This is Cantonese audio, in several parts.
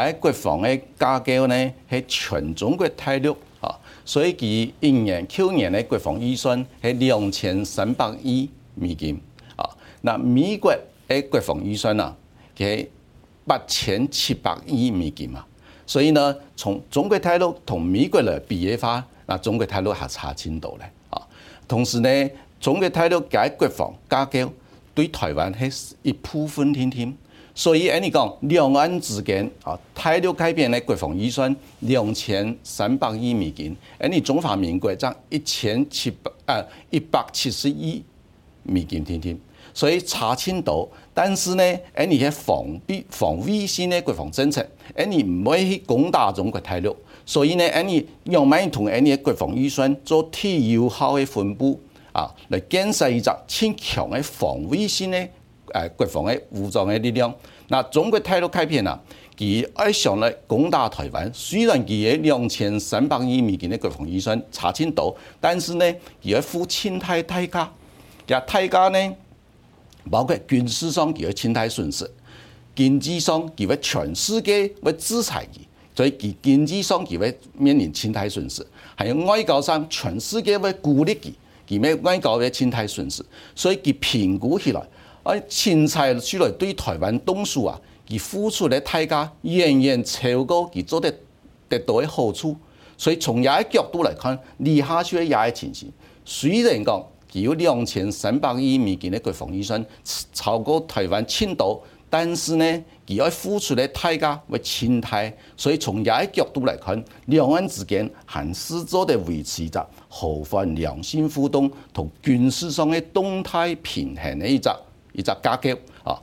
喺國防的加高呢，是全中國大陸。啊，所以佢今年、去年的國防預算是兩千三百億美金啊。那美國的國防預算呢，是八千七百億美金啊。所以呢，從中國大陸同美國來比的話，那中國大陸還差真多呢。啊。同時呢，中國大陸喺國防加高，對台灣是一鋪風所以誒你講兩岸之間啊，大陸改變的國防預算兩千三百億美金，誒你中華民國就一千七百誒一百七十億美金天天，所以查清楚。但是呢，誒你嘅防備防衛性的國防政策，誒你唔可以去攻打中國大陸，所以咧誒你用埋同誒你嘅國防預算做最有效的分布啊，來建設一隻堅強的防衛性的。誒，國防嘅武裝嘅力量，那中國態度改變啦，佢上嚟攻打台灣。雖然佢嘅兩千三百億美金嘅國防預算查清到，但是呢，佢嘅付錢，太太高，而太高呢，包括軍事上嘅清太損失，經濟上佢全世界會制裁佢，所以佢經濟上佢會面臨清太損失，還有外交上全世界會孤立佢，佢咩外交嘅清太損失，所以佢評估起來。而清次出來對台灣動手啊，其付出的代價遠遠超過其做得得到的好處。所以從也嘅角度來看，李夏處喺也嘅前線。雖然講佢有兩千三百億美金國防預算，超過台灣青島，但是呢，佢要付出的代價為侵台，所以從也嘅角度來看，兩岸之間還是做的維持着隻和平良性互動，同軍事上的動態平衡的一隻。一直加劇，啊，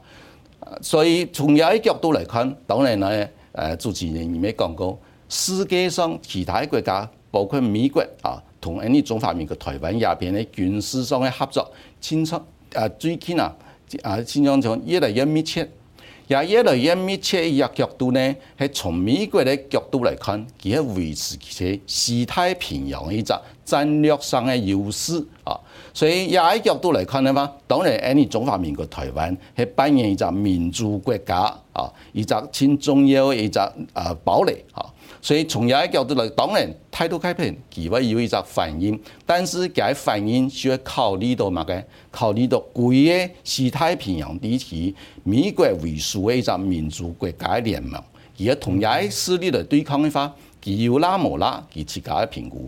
所以從有一角度來看，當然咧，誒、呃，主持人也面講過，世界上其他國家，包括美國啊，同呢種方面的台灣也喺軍事上嘅合作，傾出啊最近啊，傾相上越嚟越密切，也越嚟越密切。依個角度咧，喺從美國的角度來看，佢係維持住西太平洋一戰略上的優勢啊，所以佢個角度來看嘅話，當然喺你中華民國台灣去扮演一個民主國家啊，一個輕重要的一個啊堡壘。啊，所以從佢個角度嚟，當然態度改變，佢會有,有一個反應，但是佢反應需要考慮到乜嘅，考慮到貴嘅西太平洋地區美國為首的一個民主國家聯盟，而同樣個勢力嚟對抗的話，佢要拉冇拉，佢自己嘅評估。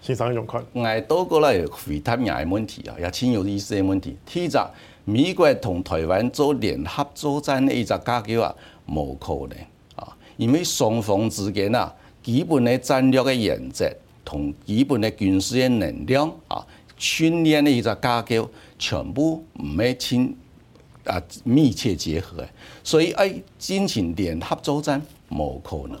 先生容缺，捱到過來回答一下問題啊，也挺有意思的問題。第一，美國同台灣做聯合作戰的一個架構啊，無可能啊，因為雙方之間啊，基本嘅戰略嘅原則同基本嘅軍事嘅能量啊，訓練呢一個架構全部唔係啊密切結合，所以誒進行聯合作戰無可能。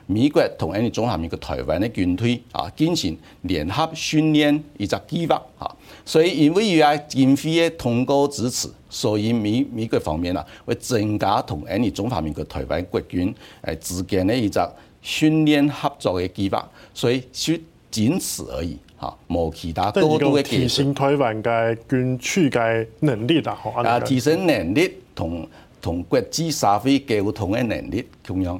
美國同呢個中華民國嘅台灣嘅軍隊啊，進行聯合訓練一個計劃嚇，所以因為而家軍費嘅通過支持，所以美美國方面啊，會增加同呢尼中華民國嘅台灣國軍誒之間嘅一個訓練合作嘅計劃，所以說僅此而已嚇，冇其他多啲嘅提升，台灣嘅軍區嘅能力啦，提升能力同同國際社會溝通嘅能力咁樣。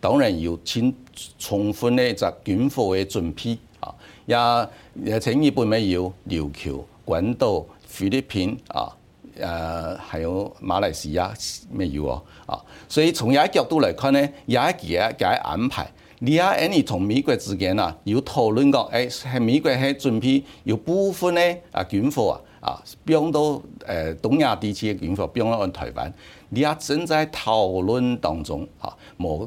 當然要請充分的就軍火嘅準備啊！也誒，請日本咩要？琉球、關島、菲律賓啊，誒，有馬來西亞沒有啊？啊！所以從這個角度嚟看呢，也一期啊安排，你阿 Any 美國之間啊，有討論過誒、欸，美國喺準備，有部分咧啊軍火啊啊，放到誒東亞地區的軍火，放到台灣，你阿正在討論當中嚇冇。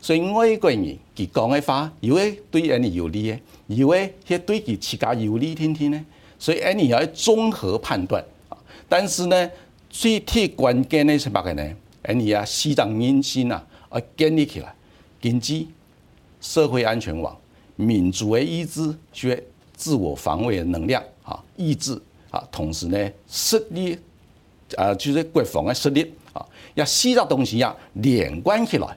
所以外國人給講的話，以為對人有利嘅，以為佢對其自家有利，聽聽呢。所以你哋要綜合判斷啊。但是呢，最鐵關鍵的是乜嘢呢？你哋啊，西藏人心啊，要建立起來，經濟、社會安全網、民族的意志，即自我防衛的能量啊，意志啊，同時呢，實力啊，就是國防的實力啊，要四個東西啊，連貫起來。